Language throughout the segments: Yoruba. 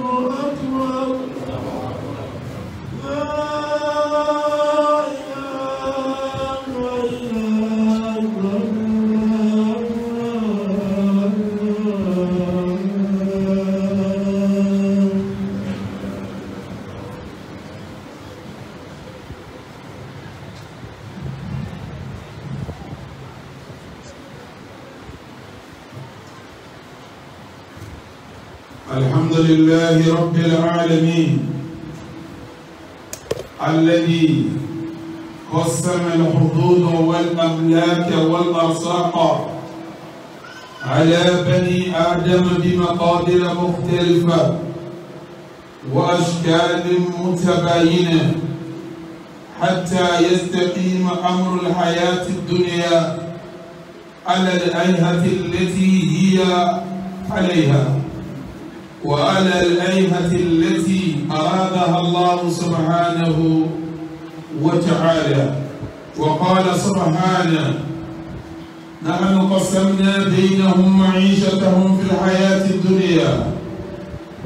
Lord. لله رب العالمين الذي قسم الحدود والأملاك والأرزاق على بني آدم بمقادير مختلفة وأشكال متباينة حتى يستقيم أمر الحياة الدنيا على الأيهة التي هي عليها وعلى الأيهة التي أرادها الله سبحانه وتعالى وقال سبحانه نحن قسمنا بينهم معيشتهم في الحياة الدنيا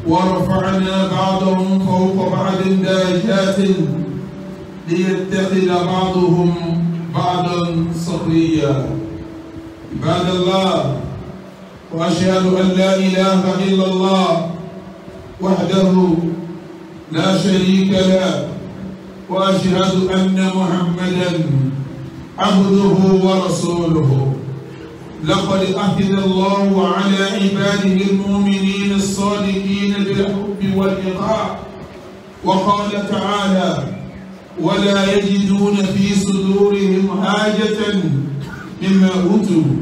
ورفعنا بعضهم فوق بعض درجات ليتخذ بعضهم بعضا سخريا عباد الله وأشهد أن لا إله إلا الله وحده لا شريك له وأشهد أن محمدا عبده ورسوله لقد أخذ الله على عباده المؤمنين الصادقين بالحب والإطاعة وقال تعالى ولا يجدون في صدورهم حاجة مما أوتوا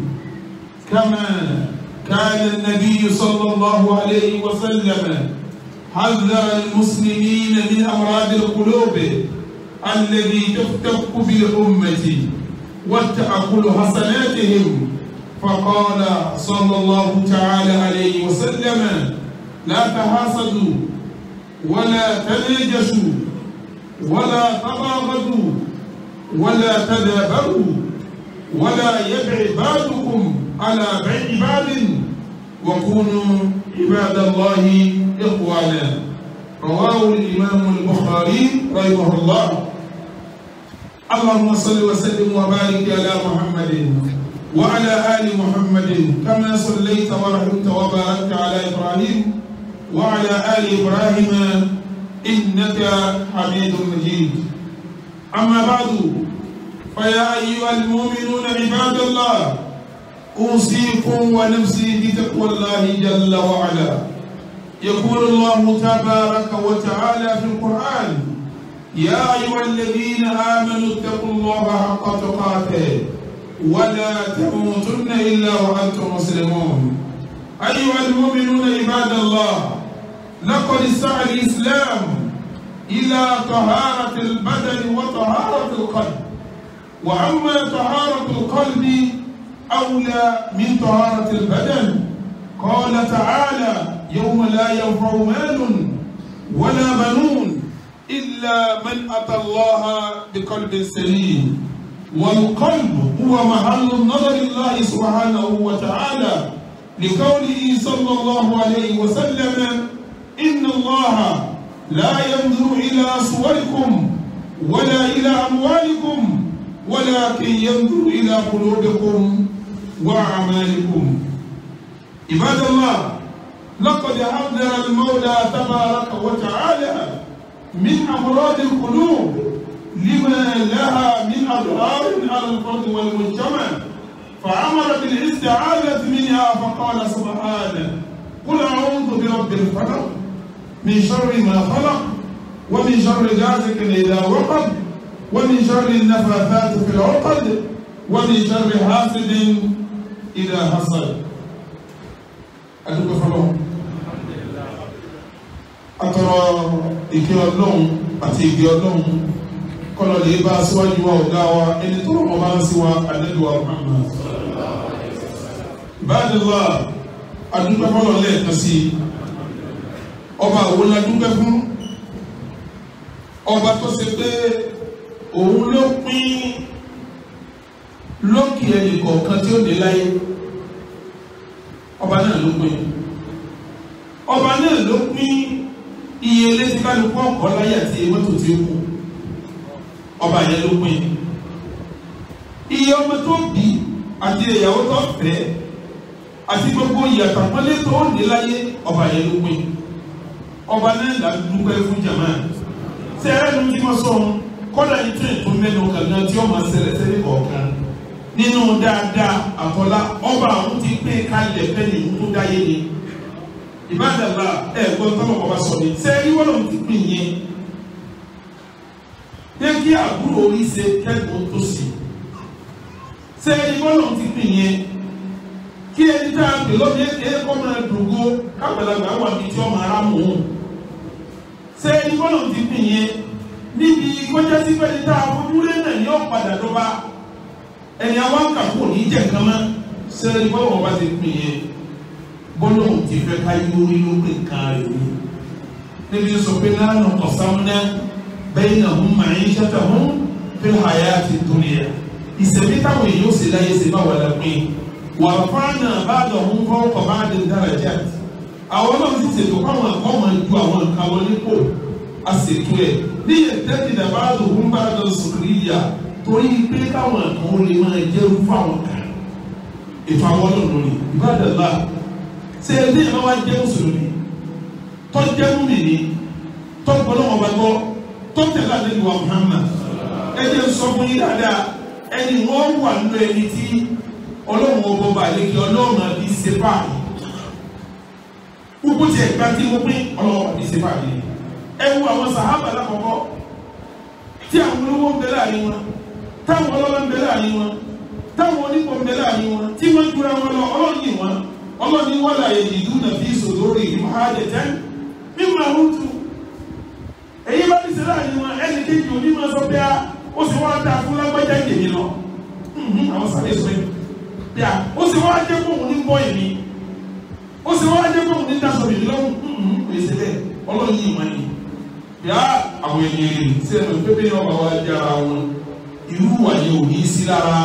كما كان النبي صلى الله عليه وسلم حذر المسلمين من أمراض القلوب الذي تفتك بالأمة وتأكل حسناتهم فقال صلى الله تعالى عليه وسلم لا تحاسدوا ولا تناجشوا ولا تباغضوا ولا تدابروا ولا يبع بعضكم على بيت عباد وكونوا عباد الله إخوانا رواه الإمام البخاري رحمه الله اللهم صل وسلم وبارك على محمد وعلى آل محمد كما صليت ورحمت وباركت على إبراهيم وعلى آل إبراهيم إنك حميد مجيد أما بعد فيا أيها المؤمنون عباد الله أوصيكم ونفسي بتقوى الله جل وعلا يقول الله تبارك وتعالى في القرآن يا أيها الذين آمنوا اتقوا الله حق تقاته ولا تموتن إلا وأنتم مسلمون أيها المؤمنون عباد الله لقد سعى الإسلام إلى طهارة البدن وطهارة القلب وأما طهارة القلب أولى من طهارة البدن قال تعالى يوم لا ينفع مال ولا بنون إلا من أتى الله بقلب سليم والقلب هو محل نظر الله سبحانه وتعالى لقوله صلى الله عليه وسلم إن الله لا ينظر إلى صوركم ولا إلى أموالكم ولكن ينظر إلى قلوبكم وأعمالكم عباد الله لقد حذر المولى تبارك وتعالى من أمراض القلوب لما لها من أضرار على الفرد والمجتمع فأمر بالاستعاذة منها فقال سبحانه قل أعوذ برب الفلق من شر ما خلق ومن شر غاسق إذا وقد ومن شر النفاثات في العقد ومن شر حاسد ìdá hasan adúgbò fọlọ́ atọrọ ìkẹ́ ọlọ́run àti ìgbẹ́ ọlọ́run kọlọ̀ lè bá síwájú wa ọ̀gá wa ẹni tó rọ̀ bá ń sí wa àdẹ́dùwà Muhammad báyìí adúgbò fọlọ́ lẹ́ẹ̀kan sí ọba àwọn lókè ẹnì kọ̀ọ̀kan tí ó dé láyé ọba náà ló pín ọba náà ló pín iye ilé tí kálukú ọ̀kọ́ láyé àti mọ́tò tí ó kù ọba yẹn ló pín iye ọmọ tó bí àti ìyàwó tó fẹ́ àti gbogbo ìyàtọ̀ pọ́nlé tó ń dé láyé ọba yẹn ló pín ọba náà là dúpẹ́ fún jama tẹ́ẹ̀rù kí wọ́n sọ̀rọ̀ kọ́dà yìí tó ètò mẹ́nu kàná tí ọmọ ṣẹlẹ̀ sẹ́ni kọ̀ọ̀kan nínú dáadáa àtọ́lá ọba àwọn ti pè kalẹ̀ fẹ́ni tó dáyé ni ìbádàlá ẹ̀ gbọ́n tọ́lọ̀ bàbá sọ ni ṣé ìwọ́n lòun ti pè yẹn pé kí àbúrò orí ṣe kẹ́kọ̀ọ́ tó sì ṣé ìwọ́n lòun ti pè yẹn kí ẹni tá a pè lọ́dún èké kọ́ máa dùgbò kábàlàgbà wà ní tí ọmọ ara mú un ṣé ìwọ́n lòun ti pè yẹn níbi kọjá sí pẹ́ni tá a fojú lé náà ní ọ̀padà tó ẹni àwọn kàkó ní jẹ kama sẹ́ni bọ́lọ̀ wá ti pín yẹn bọ́lọ̀ ti fẹ́ ká yóri lórí kan rẹ̀ ni níbi sọ pé lánà ọ̀sánmúná bẹ́ẹ̀ náà hún màá yín ṣẹ́fẹ̀ hún pé àyà ti torí ẹ̀ ìsẹ̀mí táwọn èèyàn ó sì láyé sí báwa la pín wà fáànà bàdàn hún fọ́ọ̀kọ̀ bá dé dáràjà àwọn náà ti ṣètò káwọn àkọ́ máa ju àwọn nǹkan wọn nípò a ṣètò ẹ̀ níyẹn tẹ́tì dàbàdàn hún bàdàn sùkúrì yà torí pé káwọn kan ó lè máa jẹ́rú fáwọn kan ètò àwọn ọlọ́run lórí ìbádàlá ṣe ẹbí ẹ̀ máa wá jẹ́ mùsùlùmí tó jẹ́ mùmìnì tó gbọ́dọ̀ wọn bá gbọ́ tó tẹ̀lé àdéhùn wa Muhammad ẹ jẹ́ sọ fún yín dáadáa ẹni wọ́n wà nínú ẹni tí ọlọ́run ọgbọ́n bá lékè ọlọ́run àbí sèpà gbogbo tí ẹ̀ka tí mo pín ọlọ́run àbí sèpà yìí ẹ wo àwọn sàhábà lákọ̀ọ́kọ́ tí àwọn olówó ń bẹ láàrin wọn. táwọn ọlọ́lá ń bẹ láàrin wọn táwọn onípò ń bẹ láàrin wọn tí wọ́n dúra wọn lọ ọlọ́ọ̀ni wọn ọlọ́ọ̀ni wọn là fi sòdórè ìmọ̀hádẹ́tẹ́ mímọ̀ ọ̀hún tu èyí bá ti ṣe láàrin wọn ẹnì kejì òní máa sọ pé ah, ó sì wá dáa fún lágbájá ìdèmí lọ àwọn sàlẹ̀ sọ yìí ah, ó sì bọ́ ó sì irú wàyẹ ò ní sí lára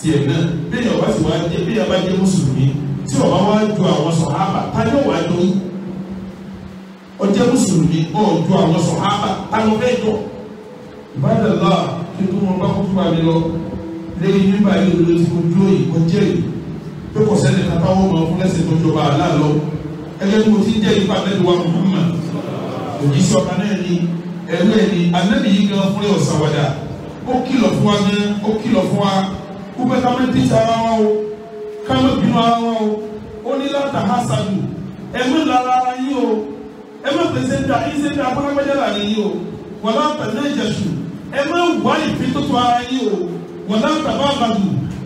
tiẹ̀ náà bẹ́ẹ̀ ọba sì wá jẹ́ bẹ́ẹ̀ ọba jẹ́ mùsùlùmí tí ọba wá ju àwọn sọ̀hábà tájọ́ wá jọ ọjẹ́ mùsùlùmí ọ̀ ju àwọn sọ̀hábà táwọn bẹ́ẹ̀ jọ ìbádàlá kí n tó mọ bá kó fún mi lọ lẹ́yìn nígbà yìí ló ti kó dúró yìí kó yìí pé kò sẹ́ni kata wọ́n mọ̀ fún lẹ́sẹ̀ tó jọba aláàlọ́ ẹgbẹ́ tó ti jẹ́ ipa bẹ́ẹ̀ wà Muhammad òjì sọ̀kan náà ni ẹ̀rú ẹ̀ ni anábìyí gan fúnlẹ̀ ọ̀sàwádà ó kìlọ̀ fún wa gan ó kìlọ̀ fún wa ó pẹ́ ká mẹ́tí ti ara wa o ká mẹ́ bínú ara wa o ó ní láta ha sàdù ẹ mẹ́ lára ara yín o ẹ mẹ́ pèsè dà yín ṣe dà abọ́lágbẹ́dẹ́ là ní yín o wọ́n lá tẹ̀lé ìjẹ̀sù ẹ mẹ́ wá ìfi tó tó ara yín o wọ́n lá tàbá àbàdù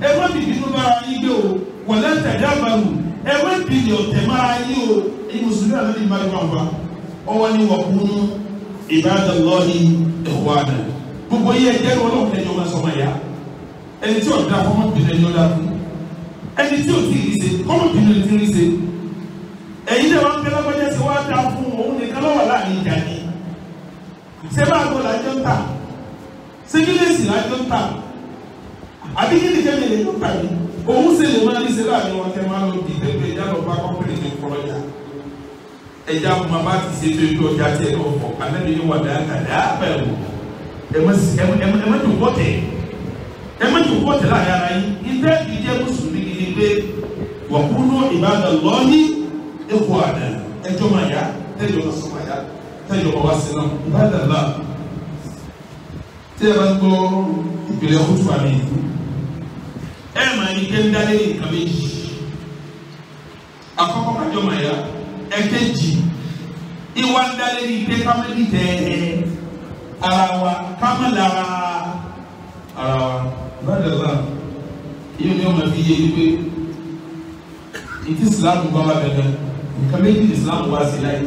ẹ mẹ́ bìbí tó ara yín gbé o wọ́n lá tẹ̀lé àbàdù ẹ bìbí ọ̀tẹ̀ mára yín o ẹ̀yin mùsùlùmí àlẹ́ ni ìbá ọwọ́ ni wọ̀kúnú ìbádàlọ́ọ̀ni ẹ̀wọ́ àdàlù gbogbo yìí ẹ̀jẹ̀ wọn náà ẹ̀jẹ̀ wọn sọmọ ya ẹni tí ọ̀dà fọmọ bìnrin ẹ̀jẹ̀ ọ̀dà fún ẹni tí òtí rí se fọmọ bìnrin ti rí se ẹ̀yin náà wọn kẹlẹ́ kọjá sí wọn dá fún òun nìkan lọ́wọ́ láàrin ìjà ni sẹ́bà àgọ́ làjọ́ ń tà sẹ́gílẹ́sì làjọ́ ń tà àbí kí nìkan lè lè tó tà mí òun ṣe lè máa ní sẹ́bà ni wọn kẹ́ máa lọ bí pépè ìjà lọ bá kọ́kọ́rẹ́ ní kọ́lọ́jà ẹ̀já mọ̀ bá ti ṣe pé ojú ọjà tiẹ̀ lọ́wọ́ ẹmẹ tó bọ́tẹ̀ ẹmẹ tó bọ́tẹ̀ láàyè ara yìí ìdẹ́ ìdẹ́ mùsùlùmí gidi pé wàkúrú ìbáda lọ́ọ́lì ẹ̀kọ́ àdá ẹjọ́ máa yá tẹ́jọ́ máa sọ máa yá tẹ́jọ́ máa wá sí náà ìbáda là tí ẹ bá gbọ́ ìpìlẹ̀ kútu àmì ẹ máa ní kéńdálé nǹkan méjì àkọ́kọ́ kájọ́ máa yá ẹ̀kẹ́jì ìwà ń dálé ní ìdẹ́kámẹ́lì tẹ́ẹ̀ ara wa ká má ara wa brother wa yíyan ní ọmọ fi yé yí pé ìdí Islam bá wa bẹ̀rẹ̀ nǹkan méjì ní Islam wá sí láyé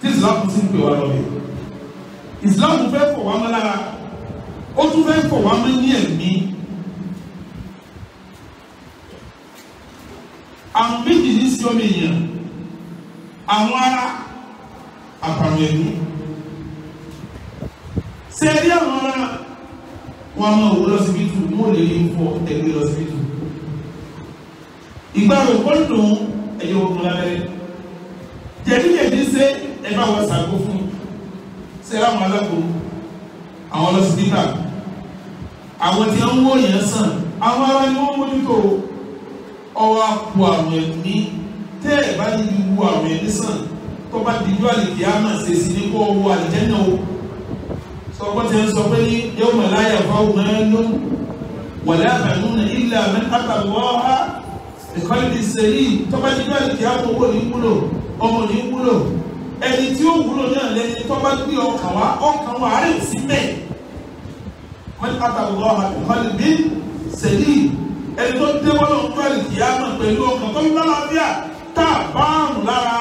tí Islam sì ń pè wá lọ́wọ́ Islam fẹ́ fọ̀ wá mọ́ lára ó tún fẹ́ fọ̀ wá mọ́ ní ẹ̀mí. àwọn méjì ní sí ọmọ èèyàn àwọn ará àpàrọ̀ ẹ̀mí tẹ̀lé àwọn ará wọn máa wò lọ́sibítù wọn ò lè rí fọ ẹgbẹ́ lọ́sibítù ìgbà wo kọ́ńtò ẹ̀yẹ ogun lábẹ́rẹ́ jẹ̀díjẹ̀dí ṣe ẹ bá wọn ṣàgó fún ṣe láwọn alákòó àwọn lọ́sibítà àwọn tí wọ́n ń wọ̀ yẹn sàn àwọn ará ni wọ́n mójútó ọwọ́ àpò àwọn ẹ̀mí tẹ́ ẹ̀ bá yí wu àwọn ẹ̀mí sàn tó bá dìjú àlèkè àmà ṣèṣì ní kó owó tọ́kọ́ ti ń sọ pé ní yóò mọ̀ láyà fáwọn mẹ́rin ló wà láàbàánú ní ilẹ̀ àmì àtàwọ̀ ọ̀há ẹ̀kọ́ ìdí sẹ́yìn tọ́ba ti gbà kí á mọ̀ owó ní wúlò ọmọ ní wúlò ẹni tí ó wúlò náà lẹ́yìn tọ́ba gbé ọkàn wá ọkàn wá àárẹ̀ sí mẹ́ mẹ́rin àtàwọ̀ ọ̀há ẹ̀kọ́ ìdí sẹ́yìn ẹni tó dé wọ́n lọ́n gbà kí á mọ̀ pẹ̀lú ọkàn tó ń a bá àrùn lára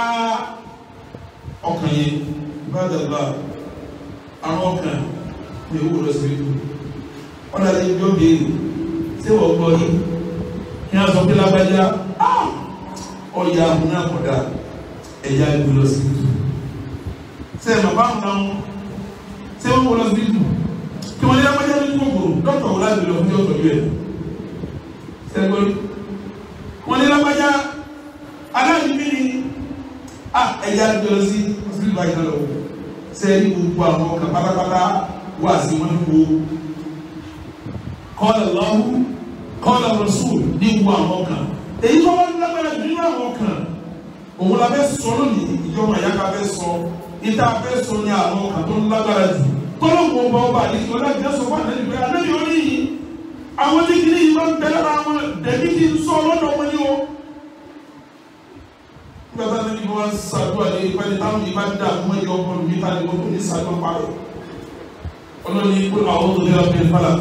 ọkàn yẹn bá àwọn kan ní owó lọ sí ìlú wọn láti ibi ó béèrè ṣé wọ́n gbọ́ yìí ní a sọ pé lágbájá ah! ọ̀yà amúnákọ̀dá ẹ̀yà ìlú lọ sí ìlú ṣé ẹ̀ bàbá àwọn àwọn ṣé wọ́n wọ́n lọ sí ìlú kí wọ́n lé lágbájá ní gbogbo dọ́kítọ̀ wọn láti lọ fún ọ̀tọ̀ yìí ẹ̀ ṣẹ́gbẹ́ wọ́n lé lágbájá aláìní mi ni ah! ẹ̀yà ìlú lọ sí ìlú báyìí lọ́wọ́ tẹ́lí gbogbo àwọn kan pátápátá wà sí wọn wo kọ́lá lọ́wọ́ kọ́lá rasul ní gbogbo àwọn kan èyí tó wọ́n lágbára jù nínú àwọn kan òun la fẹ́ sọ lónìí ìjọba ìyá ká fẹ́ sọ ìta fẹ́ sọ ní àwọn kan tó lágbára jù tọ́lọ́ wọn bá ọba àdéhùn ọlájẹ sọ fún àdéhùn pé àdéhùn yóò ní yìí àwọn tí kìíní yìí máa ń bẹ lára wọn dẹ̀bí ti gbàtà ní bí wọ́n ṣàdúrà lé ìpàdé táwọn yìí bá dà mọ́ ẹ̀yọ ọkùnrin mi ta ni wọ́n tó ní ṣàdúrà parọ́ ọlọ́ni kó àwọn tó yẹra fẹ́ fàlà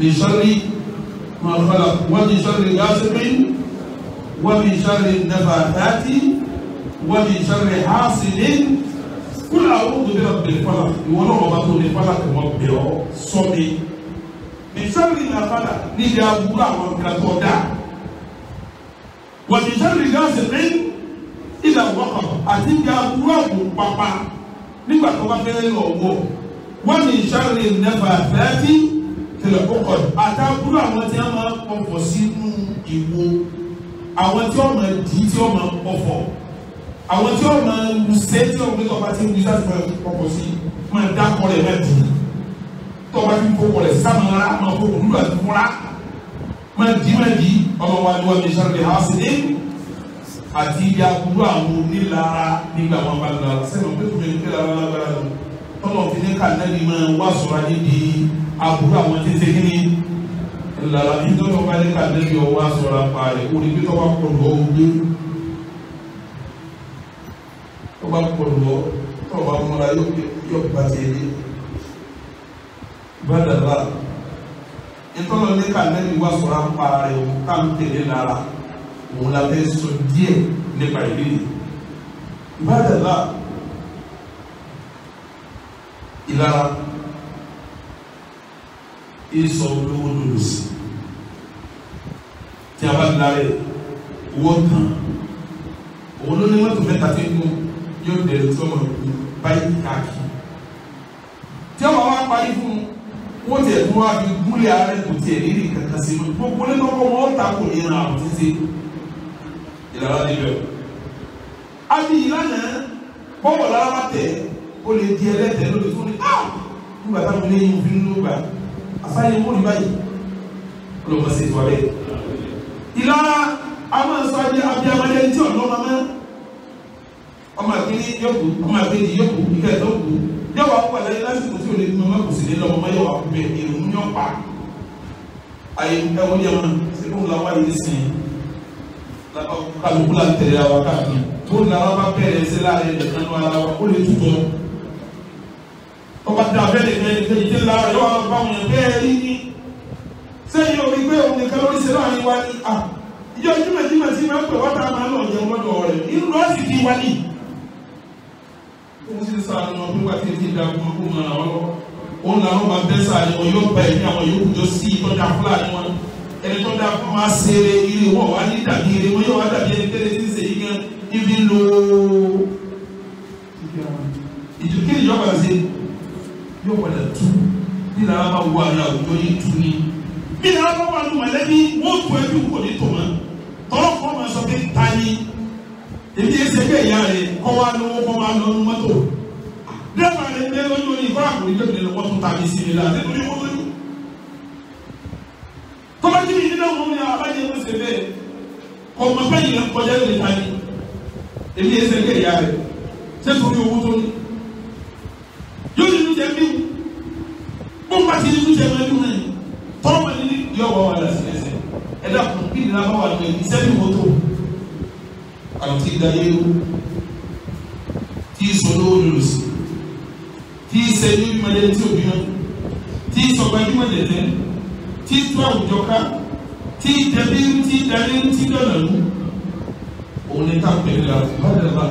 lè sọ́rí máa fàlà wọ́n ti sọ́rí yásùmí wọ́n ti sọ́rí nàfà dáàtì wọ́n ti sọ́rí hásìlì kó àwọn tó yẹra fẹ́ fàlà ìwọ́n náà wọ́n bá tó lè fàlà kò wọ́n bẹ̀ ọ́ sọ́mi lè sọ́rí nàfàlà níbi àbúrò àwọn ìgbà tó dáa wọ́n ti sọ́rí yásùmí ilẹ̀ ọ̀gbọ́kàn àti ibi aburú àgùn pápá nígbà tó bá fẹ́ lọ wọ̀ wọ́n ní ìṣàlẹ̀ nẹ́fà fẹ́ẹ́tì tẹ̀lẹ̀ kọ́kọ́ àti aburú àwọn tí wọ́n máa pọ̀fọ̀ sínú ìwo àwọn tí wọ́n máa dì í tí wọ́n máa pọ̀fọ̀ àwọn tí wọ́n máa lu sé tí wọ́n gbé tọ́ba tí wọ́n gbé sáfì sí máa dákọ̀ rẹ̀ máa tọ́ba tí wọ́n kọ̀ àti ibi aburú àwọn onílara nígbà wọn bá lọ sẹ́nu pé kò ní kílára lágbára lọ tọ́lọ̀ fi ní kàndẹ́ni máa wá sọ̀rọ̀ ayé di aburú àwọn tètè kí ni ìlànà ìtọ́jú ọba ní kàndẹ́ni ọwọ́ sọ̀rọ̀ apá rẹ̀ orí pé tọ́ba pọ̀ lọ́ ogbé tọ́ba pọ̀ lọ́ tọ́ba múra yóò bá tiẹ̀ dé bá dàgbà ìtọ́lọ̀ ní kàndẹ́ni wá sọ̀rọ̀ apá rẹ̀ òun ká ń tẹ̀lé lára òun la fẹ́ sọ díẹ̀ nípa ìrírí ìbádàlá ìlara ìsọ olówó lòlò sí tí a bá lára owó tán òun ló ní mọ́tò mẹ́ta tí kú yóò dẹ̀rẹ̀ tí ọmọ ìlú báyìí káàkiri tí ọmọ wa parí fún wọ́n tiẹ̀ tún wá fi gúnlẹ̀ ààrẹ kò tiẹ̀ rírì kankan sí gbogbo nínú ọmọ wọn ta kò ní ra àwọn títí ìdára níbẹ̀ o. Abi yìí lánàá bọ́wọ̀ lára bá tẹ̀ ó lè di ẹlẹ́tẹ̀ẹ́ lórí fún mi. Nígbà táwọn ilé yìí ń fi nínú gbà àsáyé wọ́n ní báyìí. Olùkọ́ sì wà bẹ́ẹ̀. Ìlara amánsá jẹ́ abiyamọ́lẹ́ tí ọ̀dọ́ máa mẹ́. Ọmọ àkíní yọ̀kù ọmọ àkíní yọ̀kù ìkà ẹ̀dọ́ kù. Yọ̀wọ̀ akọ̀ àlàyé lásìkò tí olè mímọ́ kò sì ní lọ́mọ mọ́ yọ̀wọ̀ akọ̀ bẹ̀ èrò ń yọ̀ pa. Àyè ẹ̀wọ̀n yẹn mọ́ sí kálukú la tẹ̀lé àwa káàkiri tó nara bá bẹ̀rẹ̀ ẹsẹ̀ láàrin ẹ̀dẹ̀ kan ara wa ó lè tutù ọ. a bẹ́ẹ̀ lè fẹ́ ẹ̀dẹ̀ ìdílé lára yóò wá bá wọn bẹ́ẹ̀ rí ní. sẹ́yìn omi pé òun nìkan lórí ṣe láàrin wa ni à ìjọ jimẹ̀jimẹ̀ sí máa ń pè wọ́tà máa ń lọ jẹun lọ́dọ̀ rẹ̀ nínú lọ́ọ̀sì ní. òun sì sàánú ọdún wá títí dàgbọ́n ẹni tó dáa fún máa ṣe eré ire wọn wá ní dàbí ire wọn yóò wá dàbí ẹni tẹ́lẹ̀ tí ń ṣe yí gan ibi ń lo ìdúkìrì yóò padà ṣe yóò padà tú nílà bá wọ àrà òjò yìí tú ni nílà bá wà lù mọ̀lẹ́bí wọ́n tó ẹbí kò ní tó mọ́ tọ́lọ́ fún ọmọ sọ pé ta ni èmi ẹsẹ̀ bẹ́ẹ̀ yá rẹ̀ kọ́ wa lọ́wọ́ kọ́ wa lọ́nu mọ́tò dẹ́gbàá rẹ̀ ń bẹ́ẹ̀ lọ́jọ́ ní ìfọ́ àkùrẹ́jọ́ ìdílé kọ́mọ́tì mi nínú ọ̀hún ni àwọn abájẹ́ ẹ̀kọ́ sèbè kọ́mọ́ pé yìí kọjá lè ta ni èmi yẹn sẹ́kẹ̀ ìyá rẹ̀ sẹ́kù ní owó tó ní yóò nínú jẹ mí bó ń bá ti nínú jẹ mẹ́rin náà tọ́wọ́ ní yọ wà wà lásì ẹsẹ̀ ẹ dàkún bí nínú abáwà lọ ẹni sẹ́kù owó tó àti ìdáyé o tí sọ lówó lòlò sí tí sẹ́ni mọ̀lẹ́ tí òbí náà tí sọ gbajúmọ̀ tẹ̀tẹ̀ tí tú àwùjọ ká tí dẹbí ń tí dẹbí ń tí dọ̀nà mú òun ni táwọn pẹ̀lú la bá dẹ̀ bá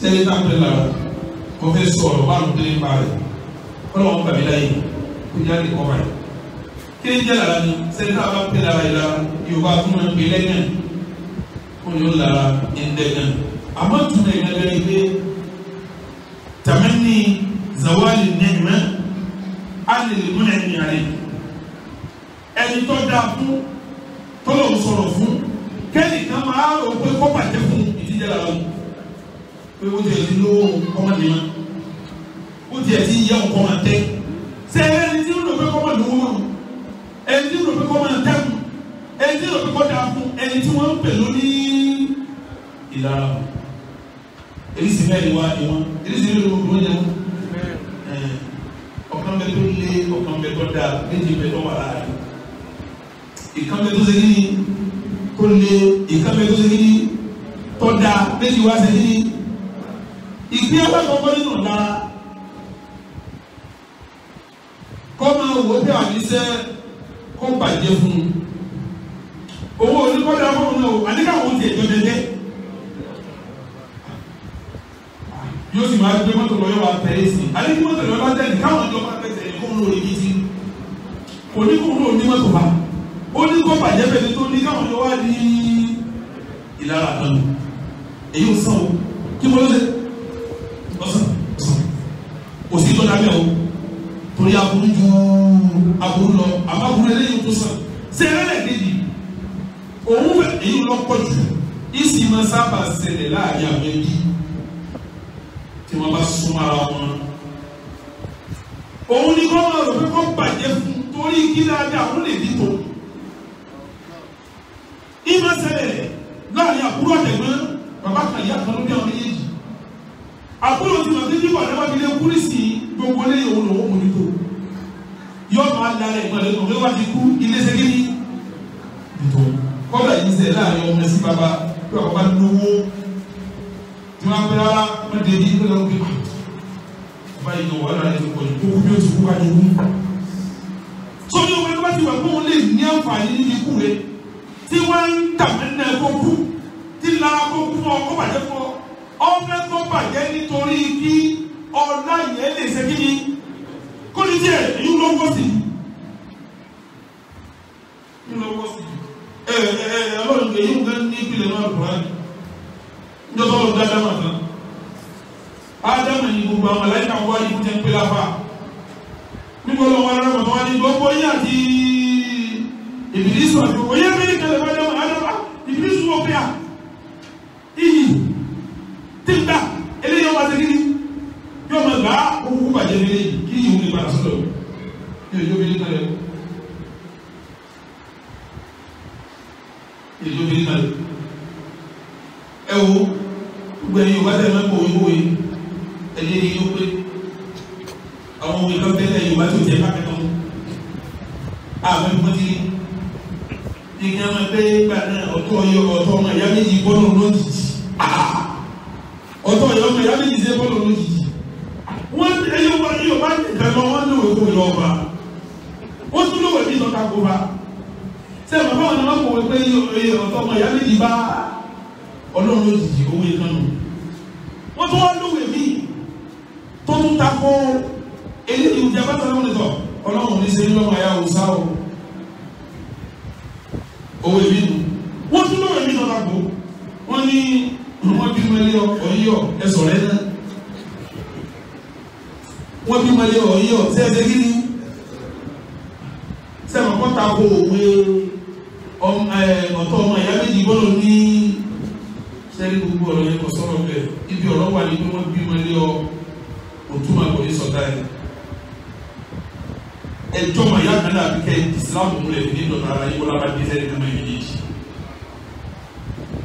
sẹ́ni táwọn pẹ̀lú la wọ́n fẹ́ sọ̀rọ̀ báwọn pẹ̀lú bá rẹ̀ ọlọ́wọ́n gbàmí láyé kó yá ní kọ́ra yìí kí ni jẹ́ lára ni sẹ́ni táwọn bá pẹ̀lú la yìí la Yorùbá tún máa ń pè lẹ́gàn kó yóò la ẹ̀ńdẹ̀gàn àmọ́ tún náà yìí lẹ́gàn tàmí ni zawali nẹ́ẹ̀mẹ́ alèlè múlẹ̀ ní alẹ́ ẹni tó dáa fún tó lọ sọ̀rọ̀ fún kẹ́nìkan máa rò pé kó bàjẹ́ fún ìdíje làwọn pé ó tiẹ̀ ti lówó ọmọdé náà ó tiẹ̀ ti yẹ ọkọ̀ máa tẹ́ sẹ́yìn ẹni tí ó lò pé kọ́ máa lówó mọ́ ẹni tí ó lò pé kọ́ máa tẹ́kù ẹni tí ó lò pé kọ́ dáa fún ẹni tí wọ́n ń pè lóní ìlara èyí sì mẹ́rin wá ni wọ́n èyí sì mẹ́rin wọ́n ni wọ́n to ọ̀kan bẹ tó lé to bẹ tó dáa méjì to tó wà I ìkan bẹ tó ṣe kí ni tó lé ìkan bẹ tó to kí ni tó dáa méjì wá ṣe kí ni ìpín alákọ̀ọ́kọ́ nínú dára kọ́ máa wò ó tẹ̀ àníṣẹ́ kó bàjẹ́ fún un owó oníkọ́dà fún un náà àníkàwọ́ ti ẹ̀jọ́ dẹ́dẹ́. yóò sì máa gbé mọ́tò lọ́yọ́ wa tẹ̀lé sí i alẹ́ kí mọ́tò lọ́yọ́ bá tẹ̀lé káwọn ìjọba bẹ tẹ̀lé kó ń lò ní bíi kò ní kó ń lò ní mọ́tò bá ó ní kó bàjẹ́ bẹ̀rẹ̀ tó ní káwọn ìjọba ní ìlara kan lò èyí ò sàn o kí mo ló dé ọ̀sán kò sí ìjọba bẹ́ẹ̀ o torí aburú ju aburú lọ àmọ́ aburú eléyìí tó sàn sẹ́rẹ́lẹ̀ kejì òun fẹ́ èyí lọ́pọ̀ jù ìsìn máa sábà ṣẹlẹ̀ láàrin àwọn ẹbí tí wọ́n bá súnmọ́ ara wọn. òun ni kọ́ máa rò pé kó bàjẹ́ fún torí kí dáadáa òun lè dìtò. ìmọ̀ ṣẹlẹ̀ láàrin àbúrò àtẹ̀gbọ́n bàbá kan ìyá kan ló bí àwọn méjèèjì. àbúrò tí wọ́n ti dìbò àdéhùn abilé kúrìsì gbogbo lé òun lòun kò ní tó. yóò máa lára ìmọ̀lẹ́ tó wọ́n ti kú ilé ṣe kíni. kọ́lá yìí ṣe láàrin ọmọ sí bàbá bí bàbá lówó wọn apẹ ara wọn dẹ ní ìgbẹ́ lọ́wọ́ pípa ọba yìí náà wàhálà yẹn ti pọ̀ kó kú bí ó sọ́ni òwe tó ti wà pé òun lè ní àǹfààní níbi ikú rẹ̀ tí wọ́n ń tàbí náà kó kú tí lára kó kú mọ́ kó bàjẹ́ fún ọ ọ̀fẹ́ tó bàjẹ́ nítorí kí ọ̀la yẹn lè ṣe kí ni kó ní tiẹ̀ èyí ló wọ́ sí i ló wọ́ sí i ẹ̀ ẹ̀ ẹ̀ ọlọ́run èyí ń gbé ní ìpìlẹ̀ náà kúrẹ́ njọ́sọ́ lọ dáadáa máa tán ádámù ni gbogbo àwọn aláìka wá ní kúté ń pè láfa nígbà wọn wọn arábọ̀ tó wá ní gbogbo yín àti ìbílísù àti òye mi kẹlẹ̀ bá dáhùn ádámù ìbílísù wọ pé à iyì tí ń dà eléyìí wọn ti kiri yóò máa gbà owó bàjẹ́ nílé yìí kí yìí wọn lè padà sọ́dọ̀ yóò yóò bí nílẹ̀ yóò bí nílẹ̀ ẹ wo gbogbo ẹ̀yin Yorùbá tẹ̀ máa ń kọ òyìnbó yìí ẹ̀yẹ ni yóò pé àwọn ohun ìlọ́ bẹ́ẹ̀ Yorùbá tó jẹ́ pàkẹ́tọ̀ àwọn ẹ̀dùn mọ́tì máa gbé gbà ọ̀tọ̀ ọ̀yọ́ ọ̀tọ̀ ọmọ ìyá méjì bọ́ọ̀lù lójijì ọ̀tọ̀ ọ̀yọ́ ọmọ ìyá méjì ṣe bọ́ọ̀lù lójijì wọ́n ẹ̀yọ́ wọ́n ẹ̀yọ́ wọ́n ìdáná wọ́n ní òwe kó lọ́ọ̀ba wọ́n tún lówó ẹ̀mí ìtọ́ka kó bá sẹ́ẹ̀ bàbá wọn ni wọ́n pé ọ̀tọ̀ ọmọ ìyá méjì bá ọlọ́run lójijì owó ìkànnì ó tún wá lúwẹ̀ mí tó tún takò eléyìí ìjẹ bàtà lóhùn nìtọ Ọlọ́run ní sẹyìn lọ́wọ́ ayá òun sáwọ owó èmi nù wọn tún lọ́wọ́ èmi nù takò wọn ní wọn bí mẹlẹ ọyọ ẹsọ rẹ náà wọn bí mẹlẹ ọyọ tí ẹ ṣe kí ni sẹmọ kọta kó òwe ọtọ ọmọ ìyá méjì gbọ́dọ̀ ní sẹ́ni gbogbo ọ̀rọ̀ yẹn kọ sọ́rọ̀ bẹ́ẹ̀ ibi ọ̀rọ̀ wà ní pé wọ́n bí wọn lé ọ òtún àgbọ̀ yìí sọ̀dá yẹn ẹjọ́ wọn yá kan náà kẹ́ ìsìlámù múlẹ̀ ní dọ̀tà ara yìí wọ́n lábá dé sẹ́ni kan mẹ́rin méjì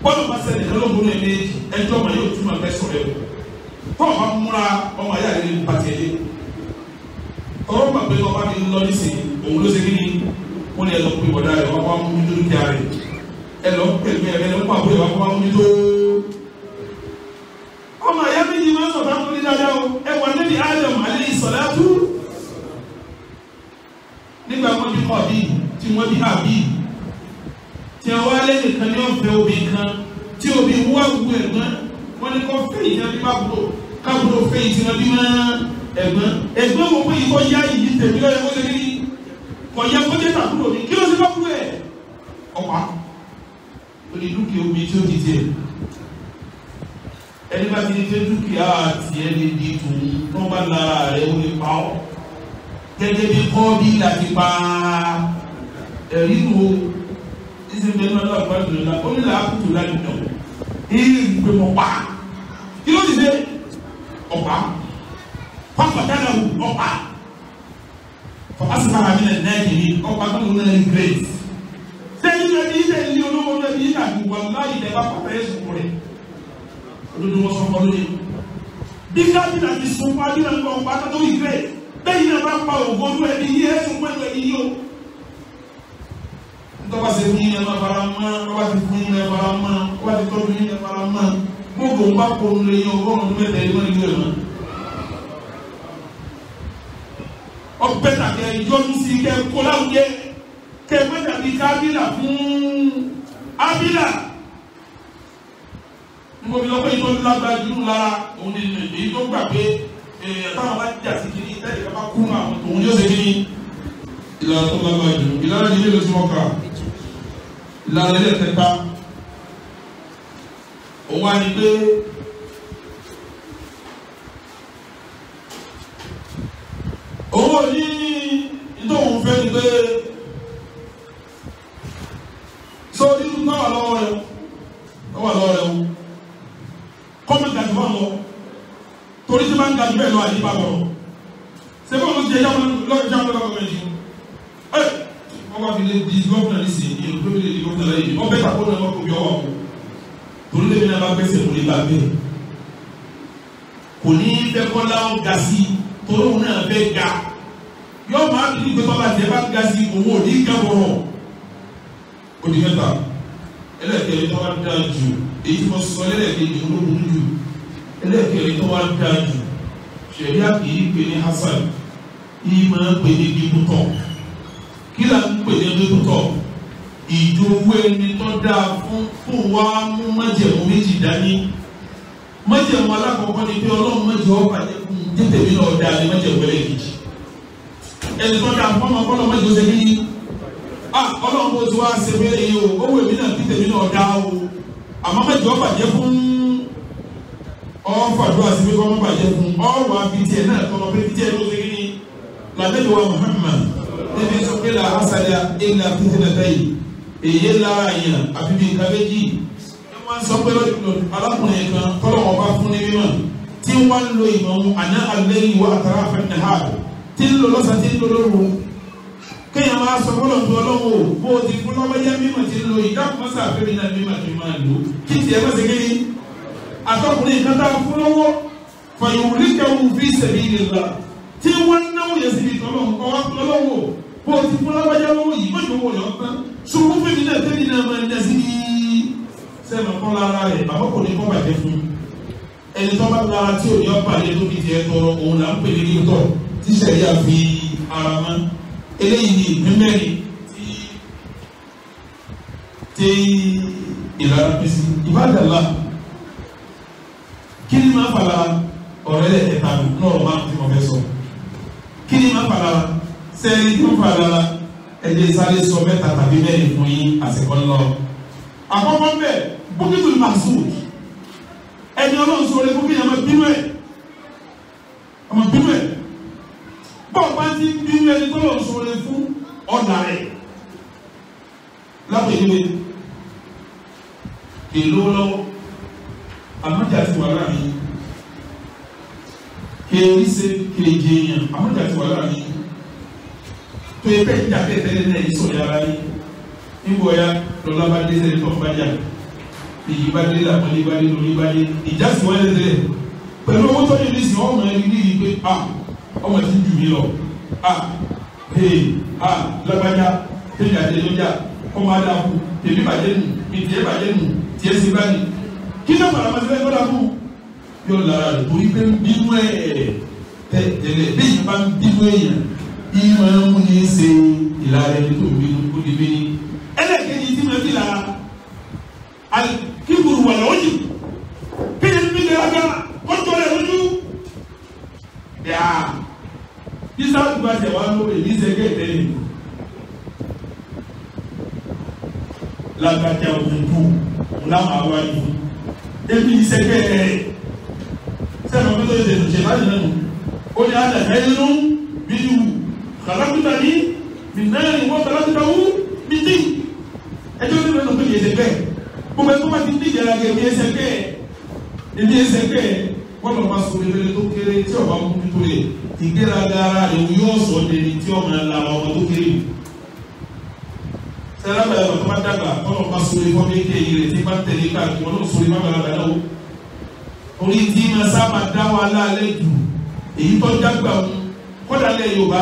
bọ́ọ̀lù bá sẹ́ni kan lóògùn náà méjì ẹjọ́ wọn yóò túmọ̀ bẹ́ sọ̀rọ̀ ẹ̀ tọ́ọ̀ bá múra ọmọ ayé àlè ní pàtẹ́ yẹ ọ̀rọ̀ gbà pé ọba mi lọ ní sìn òun ló ṣe kí ni wọ́n ní ẹ lọ pé bọ̀dá rẹ̀ wọ́n wá mú nítorí kí a rẹ̀ ẹ lọ pè mí ẹ lọ pàbó ẹ wá mú nítorí. dáadáa o ẹ wà níbi Adam alayhi salatu nígbà wọn bí kọ́ọ̀bì tí wọ́n bí àbí tí àwọn alẹ́ nìkan ní ọ̀fẹ́ obì kan tí obì wú àgùgbò ẹ̀gbọ́n wọn ní kọ́ fẹ́ ìyá bí bá bò káàbùrò fẹ́ ìtì wọn bí mọ́ ẹ̀gbọ́n ẹ̀gbọ́n mo pé ìkọ́ yá ìyí tèmi lọ́yẹ̀ kó lè rí kọ̀ yẹ kó jẹ́ tàbúrò mi kí ló ṣe bá kú ẹ̀ ọ̀pá onídùúkì omi tí ó ti tiẹ̀ ẹni bá ti dé dúkìá tiẹ̀ lè di tòun tó bá lára rẹ̀ ó lè pa ọ́ gẹ́gẹ́ bí kọ́ọ̀bí láti pa ẹ̀rí wo ìsinmi ẹni ọlọ́run bá dùn lọ́la ó ní làákùtù láti dùn ìlú ìgbé mọ̀ pa kí ló ti dé ọ̀pá pápátá náà ọ̀pá asopara mi na nna yi ni ọba tó ń lé grace sẹ́yìn náà bí ilé ìlú olówó náà bí ìlànà ìwà láyé lẹ́wà pàtàkì sùkúrẹ́ òdodo wọn sọ kọlu ni bí kábìlà ti sun pa bí nàgbà ọ̀pá tó yí bẹ́ẹ̀ bẹ́ẹ̀ yìí nàgbà pa ògo ojú ẹbí yí ẹ fún pẹ̀lú ẹbí yí o nítorí wàá ṣe fún yín ẹ̀ma fara mọ́ ọba ti fún yín ẹ̀ma fara mọ́ ọba ti tọ́jú yín ẹ̀ma fara mọ́ gbogbo ń bá pọnú lé yín ọgọ́rùn ún mẹ́ta ẹ̀ma ìlú ẹ̀ma ọgbẹ́ tàbí ẹ̀yọ́nu sí kẹ́ kó láwùjẹ kẹ́ mẹ́tàbí kábìlà fún ábìlà mo fi lọ pé ìtò lágbára jù lára òun ni èyí tó gbà pé táwọn bá jà sí kiri tẹ́lẹ̀ ká bá kú mọ́ àwọn tòun yóò ṣe kiri ìlànà tó lágbára jù ìlànà yìí ló ti mọ́ka ìlànà ilé ẹ̀kẹta òun á ní pé owó ní ìtòhùn fẹ́ ni pé sórí náà lọ́wọ́ rẹ̀. torí tí máa ń gàdú bẹ́ẹ̀ lọ àdìpá bọ̀ sẹ́fọ̀ ló ti yẹ yàwó lọ́wọ́ ìjà wọn lọ́wọ́ mẹ́jọ ẹ wọ́n wá fi lé di gọ́ọ̀nà ní sèé ní ìlú lórí ìlú tẹ̀lé yìí wọ́n bẹ́ẹ̀ tàkó náà wọ́n kò bí ọwọ́ kù torí lèmi náà bá gbẹ́sẹ̀ kò ní bá bẹ́ẹ̀ kò ní bẹ́ẹ̀ kọ́ láwọn ga sí torí òun náà bẹ́ẹ̀ ga yóò máa bí nígbà bàbá tẹ bá ga sí òun ò ní ga bọ̀rọ̀ òdì mẹ́ta ẹlẹ́kẹ̀ẹ́ tó bá dáa ju ẹlẹ́kẹ̀rẹ́ tó wá dáa jù ṣẹ̀ríà kìí pè ní hasan yìí máa ń pè ní bíbútọ̀ kí là ń pè ní bíbútọ̀ ìjòwó ẹni tó dáa fún kó wá mú májẹ̀mú méjì dání májẹ̀mú alákọ̀ọ́kọ́ ni pé ọlọ́run májẹ̀ ọ́ bàjẹ́ fún un náà dáa ní májẹ̀mú ẹlẹ́kejì ẹni tó dáa fún ọmọ ọlọ́run májẹ̀ ṣe kí ni ah ọlọ́run kò tó wá ṣe fẹ́rẹ̀ yìí o ó wù mí náà tètè náà dáa o àmọ́ májẹ̀ ọ́ bàjẹ́ fún ọ̀fàdúrà sí pé kọ́mọ́ bàjẹ́ fún ọ̀wà bìtìẹ̀ náà tọmọ pé bìtìẹ̀ ló ṣe kíni làbẹ́lẹ̀ wa Muhammad níbi sọ pé la asàlẹ̀ ẹ̀là fìtìlẹ̀tẹ̀ yìí èyí lára yẹn àfi bí nǹkan méjì wọ́n sọ pé alákùnrin kan kọ́lọ̀ wọn bá fún ní mímọ́ tí wọ́n lo ìmọ̀ wọn àná alẹ́ yìí wọ́n àtàrà fẹ́ẹ́ ha tí ń lo lọ́sà tí ń lo lóru kéèyàn máa sọ fọlọ́ tó ọlọ́wọ́ bó o ti fún lọ́wọ́ yá mímọ̀ tí ń lo ìdákùnmọ́sà fẹ́ẹ́ mi náà mímọ̀ tí ń máa lò kí tiẹ̀ bá ṣe kéde àtọkùnrin kan tá a fún lọ́wọ́ fàyọ̀wòlì kẹwù fi sabilillah tí wọ́n náwó yẹn síbi tọ́lọ̀ ọwọ́ lọ́wọ́ bó ti fún lọ́wọ́yá lọ́wọ́ yìí mọ́jọ́ wọ̀ yọ̀ tán ṣùgbọ́n fẹ́mi náà tẹ́mi náà máa ń dá sí sẹ́nu kọ́ lára rẹ̀ bàbá kò ní kọ́ bàjẹ́ fún ẹni tó bá lára tí ò ní yẹn tó fi jẹ́ tọrọ òun là ń pè ní lítọ̀ tí sẹ́yà fi ara mọ́ eléyìí ni ìpín tí tí ìlànà pèsè ìbádàlá kí ni máa fara ọ̀rọ̀ ẹlẹ́kẹta nù lọ́rọ̀ máa tí mo fẹ́ sọ kí ni máa fara sẹ́yìn tó fara ẹ̀jẹ̀ sáré sọ mẹ́ta tàbí mẹ́rin fún yín àsìkò ńlọ. àkọ́kọ́ ń bẹ̀ bókítù masud ẹni ọlọ́run sọ lé bókítù ọmọ bínú ẹ̀ ọmọ bínú ẹ̀ bọ́ọ̀ bá ti bínú ẹni tó lọ́ọ̀ sọ lé fún ọ̀dà rẹ̀ lápẹ̀lẹ́ èlò lọ́wọ́ àmọ́jà ti wà láàrin kìí ṣe kìlèjì èèyàn àmọ́jà ti wà láàrin tó ẹgbẹ́ ìjà pẹ̀tẹ́lẹ̀ náà yìí sọ̀rọ̀ ara yìí níbo ya lọ́lá bá dé sẹ́yìn tọ́pọ̀ bájà èyí bá dé làmọ́lé bá dé lórí bá dé ìjà sì wọ́n lẹ́sẹ̀ pẹ̀lú owó tó yẹn lẹ́sìn ọmọ ẹni ní ìgbé a ọmọ ti jù mí lọ a hey a lágbájá tẹ̀lé àtẹ̀lẹ́jà kọ́ máa dáa kú tèmi bàjẹ́ nù mi tìẹ́ bàjẹ́ nù tìẹ́ sí bá nì kí ló mọ̀ràn mọ̀sílẹ̀ tó dàbò yọ lára rẹ̀ torí pé bínú ẹ̀ tẹ̀lẹ̀ bí yìí bá ń bínú èèyàn yìí máa ń múni ṣe ìlànà ẹni tó bínú kó lè bínú ẹlẹ́kẹ̀ẹ́ni tí mo bí lára kíkuru wà lọ́wọ́ yìí kí ni bí lè rábẹ́ kọ́tọ́ rẹ̀ lójú yàá bí sáà tó bá tẹ̀ wá lóore ní sẹ́gẹ̀ ìtẹ́lẹ̀ yìí. lágbájá òun dùn láwọn àwa yìí débi ìṣẹ́gbẹ́ ẹ̀ sẹ́nu pé lóye tètè ṣèwádìí lẹ́nu ó ní alẹ́ ẹ̀yinú bíi wù kàlákùtà ní mi náà ní wọ́n kàlákùtà wù mí dì ẹjọ́ ní lẹ́nu pé yẹ̀dẹ̀ bẹ́ẹ̀ gbogbo ẹgbẹ́ wọn ti dì jẹ́ra gẹ̀ ẹ̀mí ẹsẹ̀ bẹ́ẹ̀ ẹ̀mí ẹsẹ̀ bẹ́ẹ̀ wọ́n lọ́ọ́ máa sọ̀rọ̀ ìrẹ́lẹ̀ tó kéré tí ọ̀ tẹ́lá bẹ̀rẹ̀ lọ tó bá dàgbà tọ́lọ̀ bá sori fún mi ké yìí rẹ̀ tí bá tẹ̀lé ká kí wọ́n lọ sori má bàrà bàrà o. orí tí ma sá ma dá wa láàlẹ́ jù èyí tó dàgbà mu kọ́dà lẹ̀ Yorùbá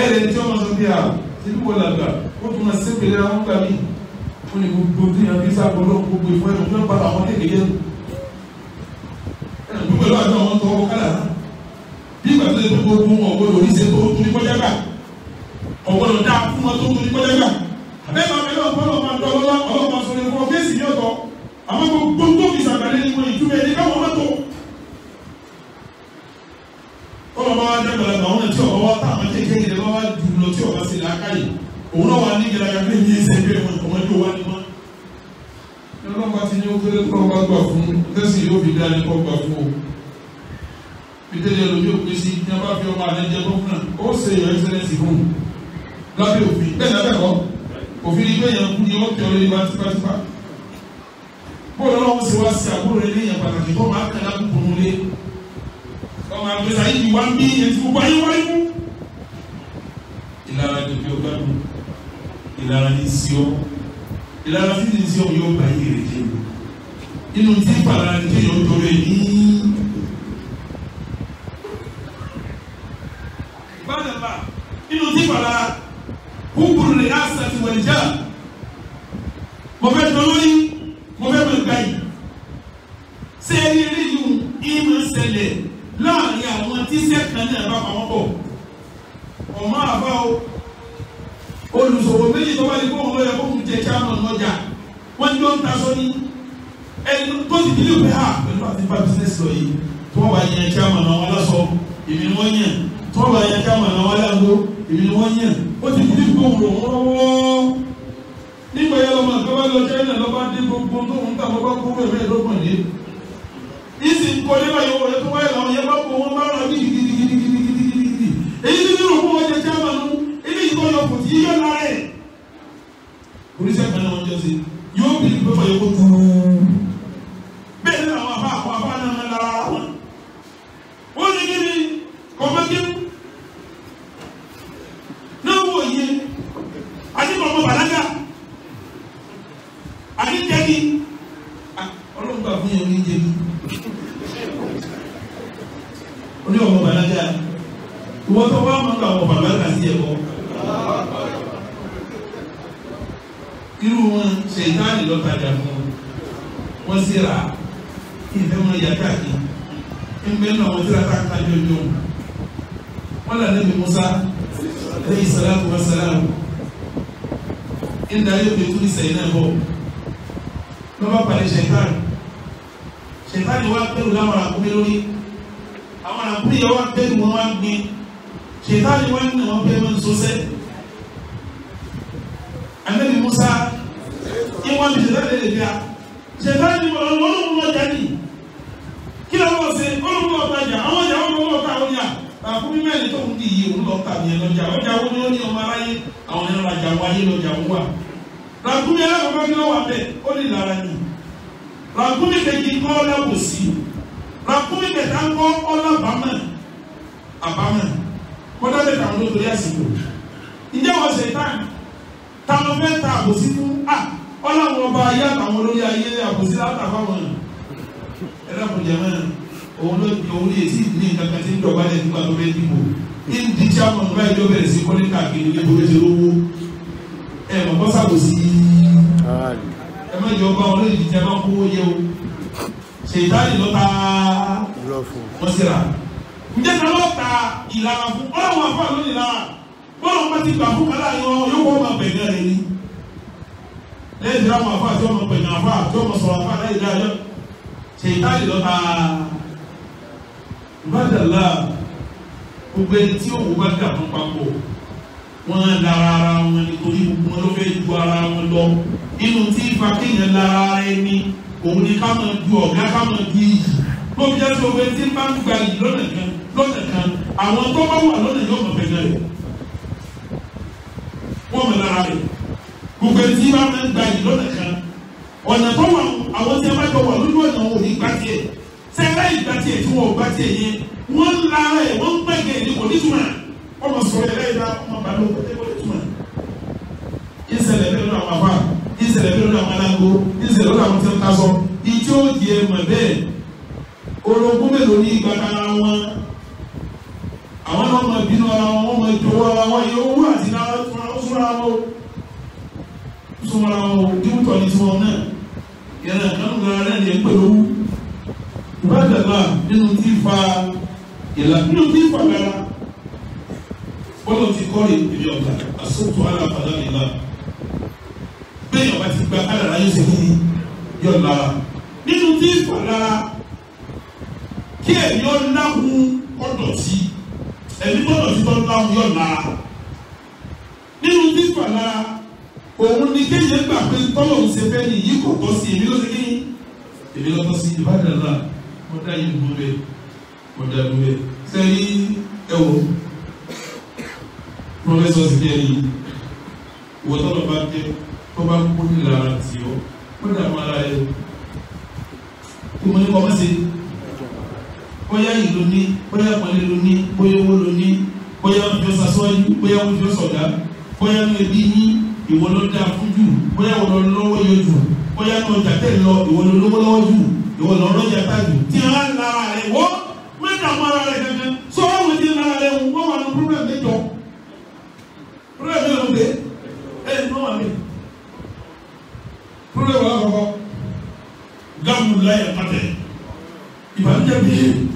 ẹ̀ rẹ̀ tí wọ́n sọ bí a tìlú wọ̀ làgbà ó tún ma sépèlè àwọn gbà mí ó ní gbogbo tí yàrá bí sá gbọ́dọ̀ gbogbo ìfọ ẹnu fún ẹgbàá àwọn kékeré ẹnu gbogbo ìlú àjọ àwọn tọwọ́ kálá bí ìgbà tó lè dúró fún ọgbọ́dọ̀ oníṣẹ́ tó tún ní kọjá gbà ọgbọ́dọ̀ dáa fún ọ tó tún ní kọjá gbà mẹ́ta mi náà fọlọ́ máa dọ́ lọ́la ọlọ́ máa sọ̀rọ̀ ìfọ̀ kéésì ní ọ̀tọ̀ àmọ́ gbogbo tó fi sàgbàdé ní ìwé ìtumẹ̀ ní káwọn mẹ́tò. kọ́lọ̀ bá wá jẹ́ gbọ̀lẹ́gbà wọn tí ọ̀bá wá táwọn kékeré lè bá wá jù lọ tí ọ̀bá sì láká yìí òun náà wà ní gẹ̀rẹ́gà pé mi ṣe pé wọn kò wọ́n jó wá ní mọ́. ọlọ́mọ ti ní ó kéré kọ́ wá gbà fún tẹ́sí yóò fi dá ní kọ́ gbà fún o ìtẹ́lẹ̀ lómi òpin sí ní a bá fi ọmọ àlẹ́ jẹ gómìnà ó ṣe your excellence fún un lábẹ́ òfin bẹ́ẹ̀ lábẹ́ kọ́ òfin ni bẹ́ẹ̀ yẹn kú ni ó tẹ ọ lé wa tipátipá bóòlù ọlọ́run sì wá sí àbúrò rẹ léyìn pàtàkì tó máa kàn lábùkù kùnú lé ọmọ àgbẹ̀sà yìí wá ń bí yẹn ti gbogbo ayé wáyé mú ìlara tó fi ọgbà dùn ìlara ní sí ọ ìlara tí ní sí ọ yóò bá yìí rẹ jẹ inú tí ìpàlára ní kéèyàn tó ní. bá a nà bá inú tí ìpàlára kúkúrú ní asàtì wẹ̀njá mo fẹ́ dolórí mo fẹ́ mọ̀ gbà yìí ṣé eré yìí ìmọ̀ ṣẹlẹ̀ láàrin àwọn tíṣẹ́ kan náà bá pamọ́ pọ̀ ọmọ àbá o olùsòwò méjì tó bá di kóhùn lọ́yọ̀ kóhùn jẹ chairman lọ́jà wọ́n jọ ń ta sọ́ni ẹni tó ti dílé pé ha pẹ̀lú àti bá business lọ yìí tó wà yẹn chairman náà wọ́n lọ́sọ̀ọ́ èmi ni wọ́n yàn tó wà yẹn chairman náà wọ́n lágbo èmi ni wọ́n yàn ó ti dí gbòòrò wọ́ọ́rọ́wọ́ nígbà yẹn lọ́mọ àgbẹ̀ wá lọ China lọ́ba dé gbogbo tó ń gbà bọ́bá kó wẹ̀ lọ́gbọ̀n dé ìsì kọ́lé báyọ̀ wọlé tó wáyé làwọn yẹn bá kó wọn bá rà gidigidigidigidigidi èyí ti dúró fún wọn jẹ jámanu ilé ìtọ́ yọ kò tí yíyọ lára ẹ̀ oníṣẹ́ kan náà wọ́n jọ sí yóò bí ìgbẹ́fọ̀ yẹ kó tó lóde tó ní sẹ́yìn náà bọ̀ lọ́ba pàdé ṣẹ̀tàn ṣẹ̀tàn wá pẹ̀lú láwọn àkúmí lórí àwọn àkúmí yẹn wá pẹ̀lú wọn wá gbin ṣẹ̀tàn wá nínú wọn pẹ̀lú wọn sọ́sẹ́ Ànábì Musa ìwọ́n bí ṣẹ̀tàn lè bíà ṣẹ̀tàn ni wọn wọn lòun lọ jáde kí ló wọ́n ṣe wọn lòun lọ tajà àwọn ọjà wọn lọ ká àwọn yà àkúmí mẹ́rin tó ń di yìí òun lọ tàbí lọ́jà ọjà wọn ló ní ọmọ aráyé àwọn ẹ̀rọ àjà wáyé lọ́jà wọn wà ràkúnmí alákọ̀ọ́kọ́ kí ló wà bẹ́ẹ̀ ó lè lára ni ràkúnmí kejì kọ́ ọlábòsí ràkúnmí kẹta ń kọ́ ọlábàámẹ̀ àbámẹ̀ kọ́dá bẹ́ẹ̀ tàwọn ló torí àsìkò ìjẹ́ wọ́n ṣe tán táwọn fẹ́ ta àbòsí fún a ọlọ́run ọba ayé àtàwọn olórí ayé àbòsí látàfáwọn ẹ̀rọ àpòjẹ́ mẹ́rin òun ló di orí èsì ní kankan tí ń dọ̀bálẹ̀ nígbà tó fẹ́ dìbò ní ìdíjà mọ̀ nígbà ìjọba ẹ̀sìn kọ́lé káàkiri ní ìbòrèsè lówó ẹ mọ̀ bọ́ sàbòsí ẹ má jọ bá ọlọ́yìn jíjẹ má kó yẹ o ṣèyítánì ló ta wọ́n síra ǹjẹ́ ta ló ta ìlànà fún ọlọ́run àfọ́ àlọ́ ìlànà bọ́lá ọmọ ti gbà fún kálá yọ yóò wọ́n máa bẹ̀gẹ́ rẹ̀ ni lẹ́yìn tí wọ́n máa fọ́ àti ọmọ bẹ̀gẹ́ àfọ́ àti ọmọ sọ̀rọ̀ àfọ́ àlẹ́ ìdá yọ ṣèyítánì ló ta ìbádàlá gbogbo ẹni tí òun bá dà fún papọ̀ wọ́n lára ara wọn nítorí gbogbo wọn ló fẹ́ ju ara wọn lọ nínú tí ipa kéèyàn lára ara ẹni òun ni ká máa ju ọ̀gá ká máa di iyì ló fi jẹ́ sọ pé tí bá ń gba iyì lọ́nà kan lọ́nà kan àwọn tó bá wà lọ́nà yóò mọ̀ fẹ́ náà rẹ̀ wọ́n mọ̀ lára rẹ̀ gbogbo ẹni tí bá máa ń gba iyì lọ́nà kan ọ̀nà tó wà àwọn tí a bá jọ wà lójú ọ̀nà wọn ò ní gbá tiẹ̀ sẹ́ẹ̀rẹ́ ìgbà tiẹ̀ tí wọn ò gbá tiẹ̀ yẹn wọ́n lára ẹ̀ wọ́n gbẹ̀gẹ̀ ní kò ní túmọ̀ wọ́n mọ̀ sọ̀rọ̀ yẹn lẹ́yìn náà wọ́n bá ló pété wọlé tuma ìṣẹ̀lẹ̀ bẹ́ẹ̀ lọ́nà àwọn afa ìṣẹ̀lẹ̀ bẹ́ẹ̀ lọ́nà àwọn alágbó ìṣẹ̀lẹ̀ lọ́nà àwọn tẹ̀ka sọ ìtí ó di ẹ̀ mọ̀ bẹ́ẹ̀ orogún mélòó ní ìgbà kára wọn àwọn náà mọ̀ bínú ara wọn wọ́n mọ̀ ìjọwọ́ ara wọn yóò wú àti náà súnra wọn súnra wọn dúpọ̀ ní tiwọn náà yẹn kan gba ara yẹn pẹ̀lú ìbádàgbà nínú tí fa ìlànà nínú tí fa gara bọ́lá ti kọ́rin ìpìlẹ̀ ọ̀gá àsopọ̀ alábàdà nìlá bẹ́ẹ̀ ọba ti gba alára yóò ṣe kíni yóò lára nínú tí ìfọ̀lára kí ẹ̀mí ọ̀làhùn ọ̀dọ̀tí ẹ̀mí ọ̀dọ̀tí tó ọ̀làhùn yóò lára nínú tí ìfọ̀lára òun ni kéèyàn gbà pé tọ́lọ̀ ń ṣe fẹ́ nìyí kò tọ́ sí èmi ló ṣe kíni èmi ló tọ́ sí ìbádàlá ọ̀dà yìí dúró bẹ́ẹ̀ ọ̀dà dúró bẹ́ẹ̀ sẹ́yìn ẹ̀wọ̀n professor sì kẹ́ yìí wọ́n tọ́lọ̀ bá kẹ́ tó bá kó nílára tì ọ́ ó dàmú ara ẹ̀ kó mọ́ ní kọ́ mọ́ sí bóyá ìlú ní bóyá pọ̀lẹ́ ló ní bóyá owó ló ní bóyá ó fi ọ́ sasọ́ọ́lì bóyá ó fi ọ́ sọ̀dá bóyá ó ìwọ ló dáa fún jù bóyá ìwọ lọ lọ́wọ́ yẹ jù bóyá lọ jàtẹ́ lọ ìwọ lọ lọ́wọ́ lọ́wọ́ jù ìwọ lọ rọ́jà tá jù tí wọ́n á lára rẹ̀ wọ́ mẹ́ta mọ́ Yeah.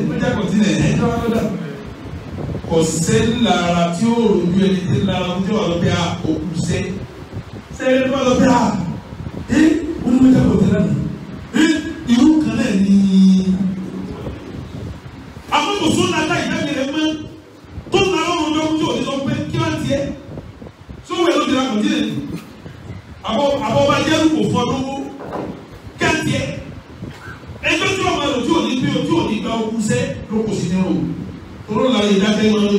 ó jẹ́ kọ̀tínẹ̀ ẹ̀jọ́ wa lọ́dà kò sẹ́ni lára tí ó rojú ẹni tí lára ojú wa bí a òkú sẹ́ sẹ́ni tó bí a ẹ́ wọ́n mú jẹ́ nothing on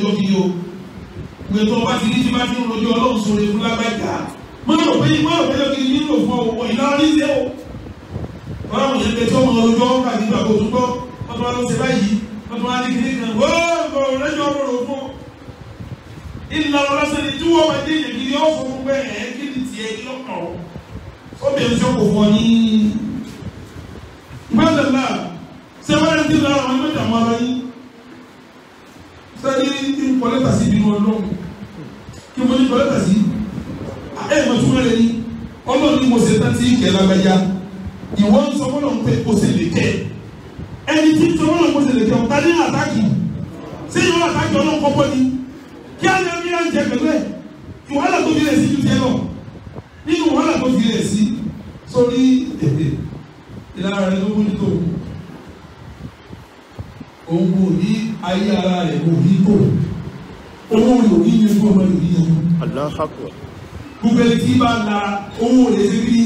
owó yòókì ní ikú ọmọ yòókì yẹn. gbogbo ẹni tí bá la owó rẹ̀ ṣe rí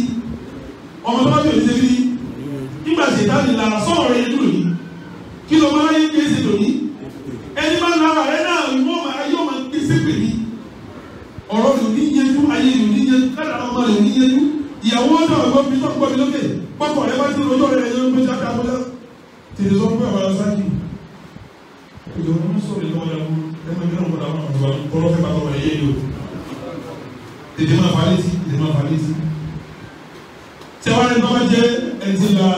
ọmọ tó bá yòókì ṣe rí nígbà tí ìdáni lára sọ̀rọ̀ rẹ̀ dùn ní kí ló máa ń gbé ṣe lòní ẹni bá lára rẹ̀ náà yóò máa yóò máa gbé ṣépè ní ọ̀rọ̀ yòókì yẹn dún ayé yòókì yẹn kára ọmọ yòókì yẹn dún ìyàwó náà gbọ́ mi tó gbọ́ mi lókè pọ́pọ̀ rẹ bá ti lọ ọjọ́ rẹ ló ń gbé jáde àbújá tètè sọ fún bàtà wọn kùnú bàtà kọ́rọ́ fẹ́ bàtà wọn yé lò tètè máa fà létí tètè máa fà létí. sẹ́wọ́n ní bàbá jẹ́ ẹtí la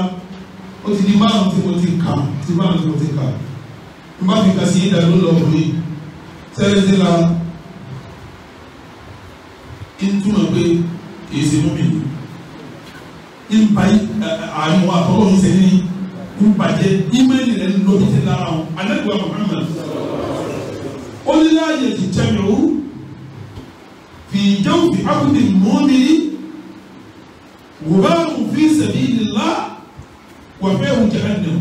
ó ti di márùn tí mo ti kà ti márùn tí mo ti kà n bá fi kà sí ìdàlú lọ òwe sẹ́wọ́n ti la kí n túmọ̀ pé kì í ṣe mú mi ní n ba àyùn àtọ́wọ́ mi sẹ́ni ní n bàjẹ́ ìmẹ́lì rẹ̀ ń lọ bí ti lára wọn alẹ́ kò wá Muhammad onílé ayé ti tẹ̀mí o fi ìjẹun fi akudi mọ́ni wùbá òfi sabilillah wà fẹ́ òun jahannam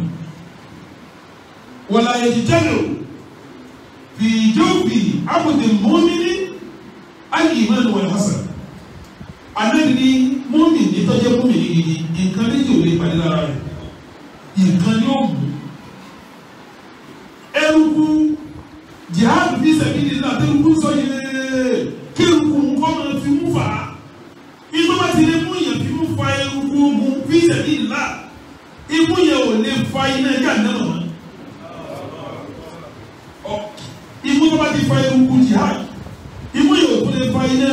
wàlá ayé ti tẹ̀mí o fi ìjẹun fi akudi mọ́ni ayé ìmọ̀ni wal hasan anabi ni mọ́ni ní tọ́jú mọ́ni gidi nǹkan méjì ò lè padì lára rẹ̀ nǹkan yóò mú ẹrú kú sẹ̀mí nínú àtẹnukú sọ yẹlẹ kí nkù nkọ́ máa fi mú fà á inú bá ti lè mú yẹn fi mú fa eruku mu fi sẹ̀mí ńlá imú yẹn ò lè fa iná ẹ̀ka nẹ́mọ̀ mọ́ imú tó bá ti fa eruku jihad imú yẹn ò tó lè fa iná.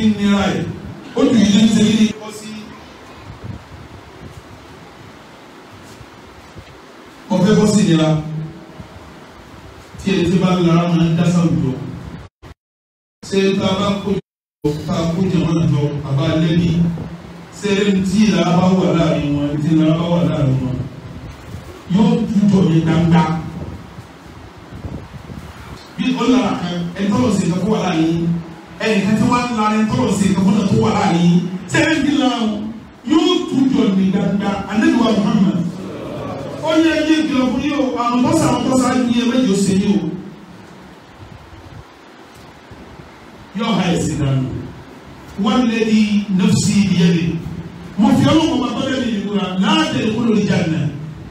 fi ń nira ẹ̀ ó dùn yín ṣe ní kọ́ sí. ọ̀fẹ́ bọ́ sí ìnira tí èyí tí bá ń lara máa ń dá sáwùjọ. ṣé tá a bá kó jọ tá a kó jọ náà jọ àbá lẹ́ni ṣé tí ìlara bá wà láàrin wọn tí ìlara bá wà láàrin wọn yóò túbọ̀ ní dáńdá. bí ó lára kan ẹ̀ tọ́lọ̀ sí ìfẹ́ kó wà láàrin yín ẹnì kan tí wọ́n ń larí tọ́lọ̀ sí ẹ̀kọ́ náà tó wà láàyè sẹ́yìn bí lan yóò tú jọ ní dáadáa anáwó Muhammad ó yẹ ẹyẹ ìgbìlọ̀ fún yóò àrùn tọ́sà àwọn tọ́sà ní ẹ méjì ó ṣe yóò yóò ha ẹ̀sìn dànù wọ́n lé ní nọ́ọ̀sì ìdíyẹ́lẹ̀ mo fi ọlọ́mọ bá tọ́lẹ̀ mi ìgbura náà tẹ̀lé kúlò ní jàǹdà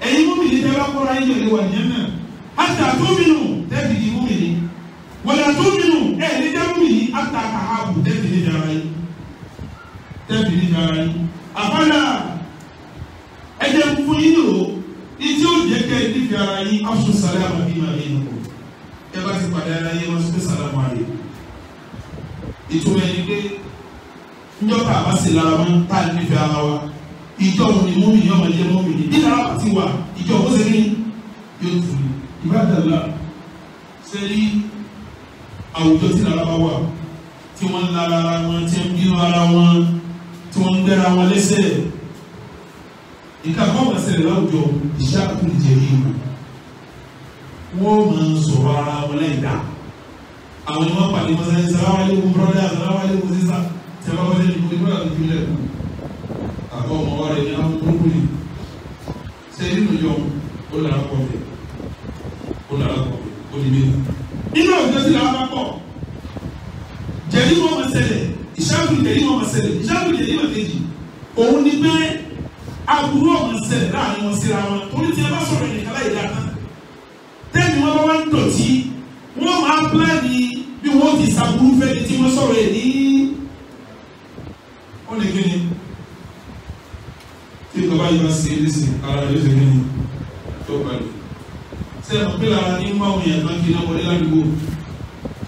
ẹ̀yin mú mi ní tẹ́lá kọ́ra ẹ̀yẹ̀ ìwà ìyẹn náà wọ́n yà tó bínú ẹ̀ ní dẹ́kun yìí àtà kàhábù dẹ́bi ní dara yìí dẹ́bi ní dara yìí àfàlà ẹ̀jẹ̀ fufu yìí lò ìdí ó jẹ́ kẹ́ ẹ̀dí fi ara yìí afṣu sàlẹ̀ àbàbí máa yẹ nìkú ẹ bá ti padà ara yìí wọ́n ti sàlẹ̀ máa yẹ ìtumọ̀ yìí pé njọba a bá lára mú tá a nífẹ̀ẹ́ ara wa ìjọ òun ni múmi ìjọ òun àwùjọ tí lára bá wà tí wọ́n ń lára ara wọn tí wọ́n ń bínú ara wọn tí wọ́n ń gbẹ́ra wọn lẹ́sẹ̀ ìkàkọ́ wọn ṣẹlẹ̀ láwùjọ ìṣàkùn ìjẹ̀rí ìwò wọ́n máa ń sọ̀rọ̀ ara wọn lẹ́yìn dá àwọn ni wọ́n pàdé mọ́sálẹ́ sàlámà lẹ́kùn bọ́lá sàlámà lẹ́kùn sísá sàlámà lẹ́kùn ìgbìmọ̀ ìgbìmọ̀ àti ìlẹ̀kùn àkọ́ ọmọ wa rẹ̀ ní àwọn burúkú ni sẹ́yìn nù yọ ó lára kọ̀ọ̀bẹ̀ ó lára kọ̀ọ̀bẹ̀ ó lè mí nínú àwùjọ sí làwọn kejì wọn máa ṣẹlẹ̀ ìṣẹ́gun kejì wọn kejì òun ni pé aburú ọ̀hún ṣẹlẹ̀ láàrin wọn síra wọn torí tí bá sọ̀rọ̀ ìrìn kálá ìlà kan tẹ́ni wọn bá wá ń dọ̀tí wọ́n máa pílánì bí wọ́n ti ṣàbùrú fẹ́ni tí wọ́n sọ̀rọ̀ ẹ̀ ní ọ̀nà ìgbéni tí ìjọba yìí wá sí ilé ara rẹ̀ lóṣèlú ní tó balẹ̀ sẹ́yìn pé lára ní máwùn yẹn máa ń fi náà wọlé ládùúgbò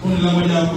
ó ní lágbájá akọ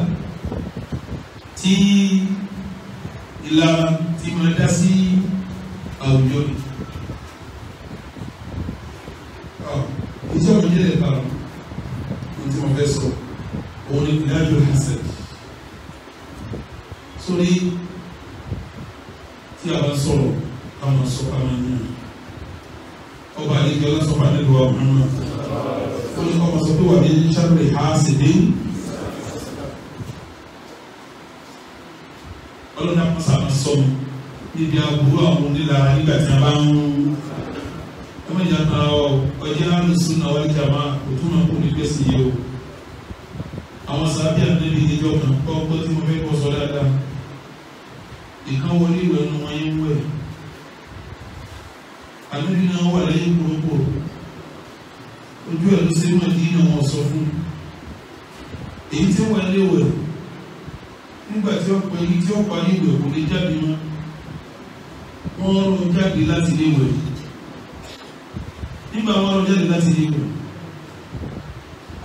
nígbà wọn lọ jáde láti ìlú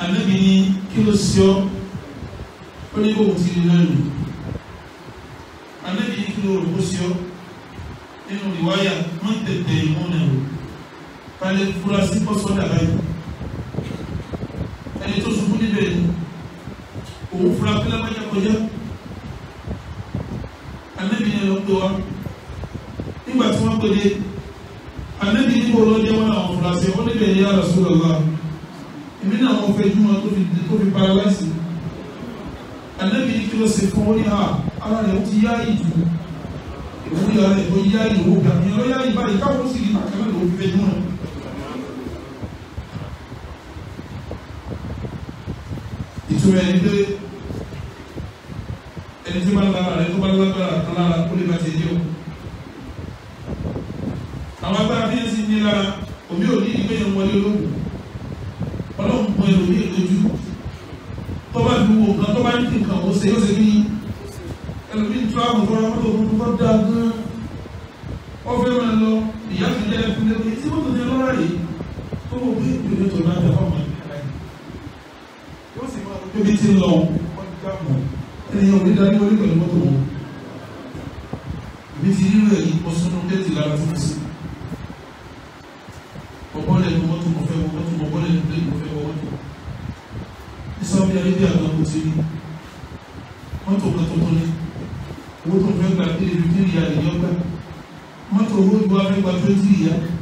àmẹ́bí ní kí ló sí ọ́ ó ní bóun ti rí lẹ́nu àmẹ́bí ní kí ló rò kó sí ọ́ nínú ìwáyà wọ́n ń tètè ìmúnà rò balẹ̀ fura sí pọ́sọ́dà báyìí ẹni tó sunkún níbẹ̀ ni òun fura pé lábájá kọjá àmẹ́bí ní ẹ̀rọ pé wa nígbà tí wọ́n pè dé ànábì níbo ló jẹ́ wọn àwọn fúlàṣẹ wọn níbẹ̀ yá Rasulullah èmi náà wọn fẹ́ júmọ́ tó fi paralyze ànábì ní kí ló ṣe fún orí ha ah, ara rẹ̀ ó ti yá ìjù ìwú yà rẹ̀ ó yá o gbà mí ó yá ìbá yìí káwọn ó sì rí àkàrà ló fi fẹ́ júmọ́. ìtura ẹni pé ẹni tí bá lára rẹ̀ tó bá lágbára kan lára kó lè bá ti dé o àwọn agbára bí ẹsẹ̀ ní lára omi ò ní ìgbé yẹn wọlé ológun ọlọ́run bọ ẹrù ní ìtọ́jú tó bá lu wo nǹkan tó bá ní kí nǹkan ó ṣe ó ṣe ní ẹlòmíì tó àwọn ọmọ ọmọ tó kún kọ́ dáa gan ọ fẹ́ máa lọ ìyá fi jẹ́ ẹkún lẹ́kún yìí tí wọ́n tó ní ọlọ́rà yìí tó wọ́n gbé ìpínlẹ̀ tó náà dábàá mọ́ ìpínlẹ̀ yìí yóò sì máa lọ bí ti ń lọ wọ́n ti dáàbò ènìyàn ní dání wọlé pẹ̀lú bọ́lẹ̀ ní mọ́tò mo fẹ́ wọ mọ́tò mo bọ́lẹ̀ ní plane mo fẹ́ wọ mọ́tò ní Saudi Arabia náà mo ti rí mọ́tò kan tuntun ní owó tó fẹ́ gbà bí ibi tí ìyá rẹ̀ yọ gbà mọ́tò owó ìwà fẹ́ gbà tó ti ìyá rẹ̀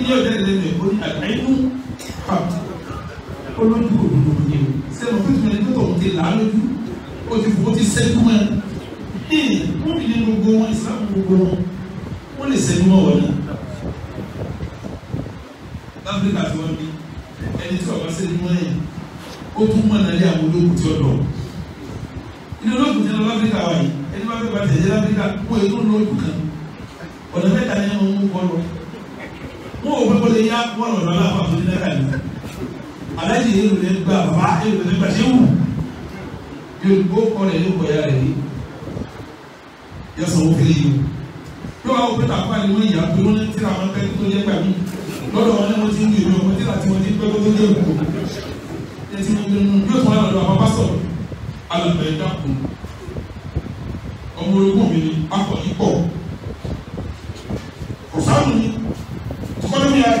ilé ọjọ́ ìdílé mi ò ní àgbáyínú pàt olójú òdodo ni o sẹ́nu pé tìmọ̀ ẹni tó ń ti làá lójú ó ti fò ó ti sẹ́nu mọ́ ẹ wọ́n fi nínú gbogbo wọn ìsìlámù gbogbo wọn wọ́n lè sẹ́nu mọ́ wọn náà láfíríkà tí wọ́n bí ẹni tí ọba sẹ́nu mọ́ ẹ̀ ó tún mọ̀ náà lé àwọn ológun tí ó dọ̀ yorùbá kọ rẹ yóò kọyà rẹ yìí yẹsọ wọ́n fẹ́ yìí o yóò wá wọ́n pé tàkó àlè wọ́n yà pé wọ́n ti ra àwọn akẹ́kọ̀ọ́ tó yẹ gbà mí lọ́dọ̀ wọn ni wọ́n ti ń yèrè wọn ti láti wọ́n ti pẹ́ tó yẹ kó ẹtì yóò tún lọ́dọ̀ àwọn pásọ̀ alàbẹ̀ dàkún ọmọ ogun mi ni akọ yìí pọ̀ ọ̀sánù mi tọkọ́dọ̀ mi yà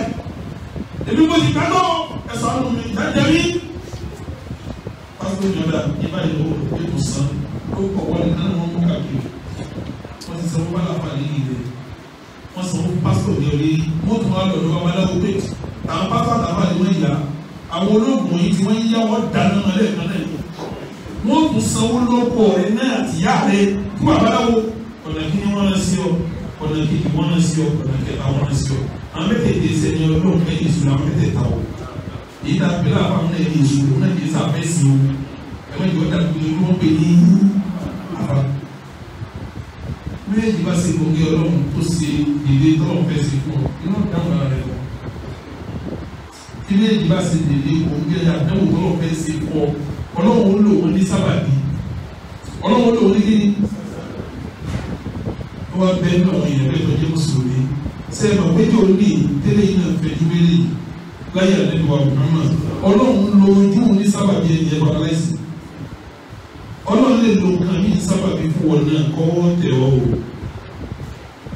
ebi mo ti ká lọ ẹ̀sánù mi jẹ́jẹ́ sábà jọ dà ní báyìí lọ́wọ́ ètò san ó kọ̀ wọlé náà wọ́n mú kàkiri wọ́n ti sanwó bàlá fà lẹ́yìn rẹ̀ wọ́n sanwó pásítọ̀ ní orí wọ́n tún wá lọ́dọ̀ babaláwo pé àwọn pásítọ̀ àtàwọn àti wọ́n àwọn olóògùn yìí tí wọ́n yá wọ́n dáná mọ́lẹ̀ kan náà wọ́n tún sanwó lọ́pọ̀ rẹ̀ náà àtìyá rẹ̀ fún babaláwo ọ̀nà kí ni wọ́n ẹ̀wọ́n ìjọ dàgbé ní wọ́n pè ní àbá méjèèjì bá ṣe gbòógì ọlọ́run tó ṣe èdè tọ́lọ̀ fẹ́ ṣe fún ọ iná dáhùn ara rẹ̀ wọ́n méjèèjì bá ṣe èdè gbòógì àdáwò tọ́lọ̀ fẹ́ ṣe fún ọ ọlọ́run ó lò wọ́n ní sábàbí ọlọ́run ó lò wọ́n ní kíni ó wá bẹ́ẹ̀ ní àwọn èèyàn mẹ́tọ́ jẹ́ mùsùlùmí sẹ́ẹ̀mà péjọ ní tẹ́lẹ̀ iná fẹ̀jú méjèèjì láyé àdẹ́dùwà Muhammad ọlọ́run lo ojú ní sábàbí ẹ̀yẹ babaláìsì lè lo nǹkan ní sábàbí fún wọn náà kọ́ wọ́n tẹ̀ ọ́ o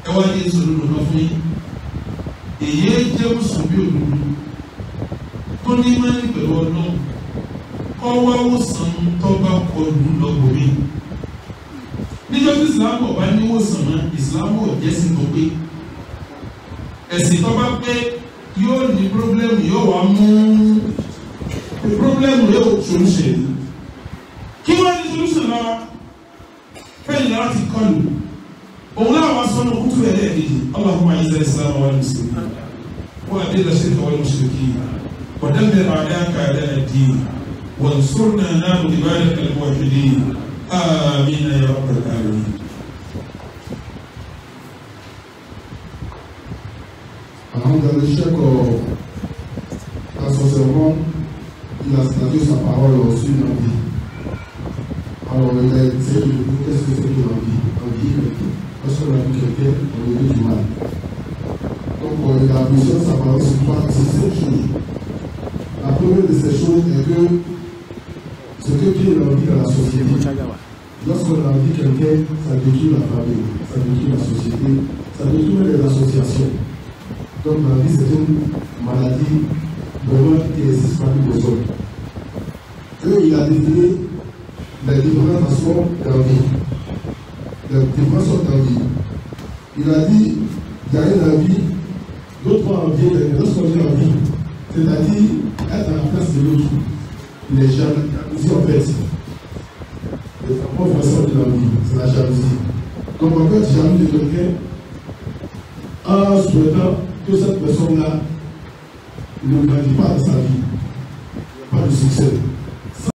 ẹ wá ní ìṣòro lọ́nà fún yín èyí jẹ́ mùsùlùmí òdodo tó ní máa ń pẹ̀lú ọlọ́run kọ́ wá wòsàn tọ́gbà kọlù lọ́gbọ̀mí níjọ́ tí ìsìlámù ọ̀bá ní wòsàn náà ìsìlámù ọ̀jẹ́sìn tó pé ẹ̀sìn tó bá pé yóò ní pírọ́blẹ́mù yóò wá mú pírọ́blẹ́mù yóò tún ṣe yìí. ṣùgbọ́n fẹ́lẹ̀ láti kọlù òun náà wá sọ́nà kútù ẹlẹ́ẹ̀kejì Allahumma ayé zẹ́ sáà wà ní sèkú wà á dé lọ́sẹ̀ kọ́wé ní sèkú wà dẹ́gbẹ̀ àdá kàdá ẹ̀dí wà sọ́nà náà lè bá yẹ kẹlẹ́ wà fi dé àmín ya rabbal alamin. Avant d'aller chaque association, il a statué sa parole au sud vie. Alors, on a essayé de qu'est-ce que c'est que l'envie L'envie, lorsqu'on a vu quelqu'un, on a eu du mal. Donc, la mission s'apparente sur trois, sur cinq choses. La première de ces choses est que ce que tu l'envie dans la société, lorsqu'on a envie quelqu'un, ça détruit la famille, ça détruit la société, ça détruit les associations. Donc, la vie c'est une maladie de vraiment qui existe parmi les autres. Et il a défini les différentes façons d'envie. Les différents sont d'envie. Il a dit, il y a une envie, d'autres ont envie, les autres ont envie. C'est-à-dire, être à la place de l'autre. Les jalousies en fait. Les propre façon de vie, c'est la jalousie. comme on peut j'ai envie de quelqu'un en souhaitant que cette personne-là ne grandit pas dans sa vie, pas de succès.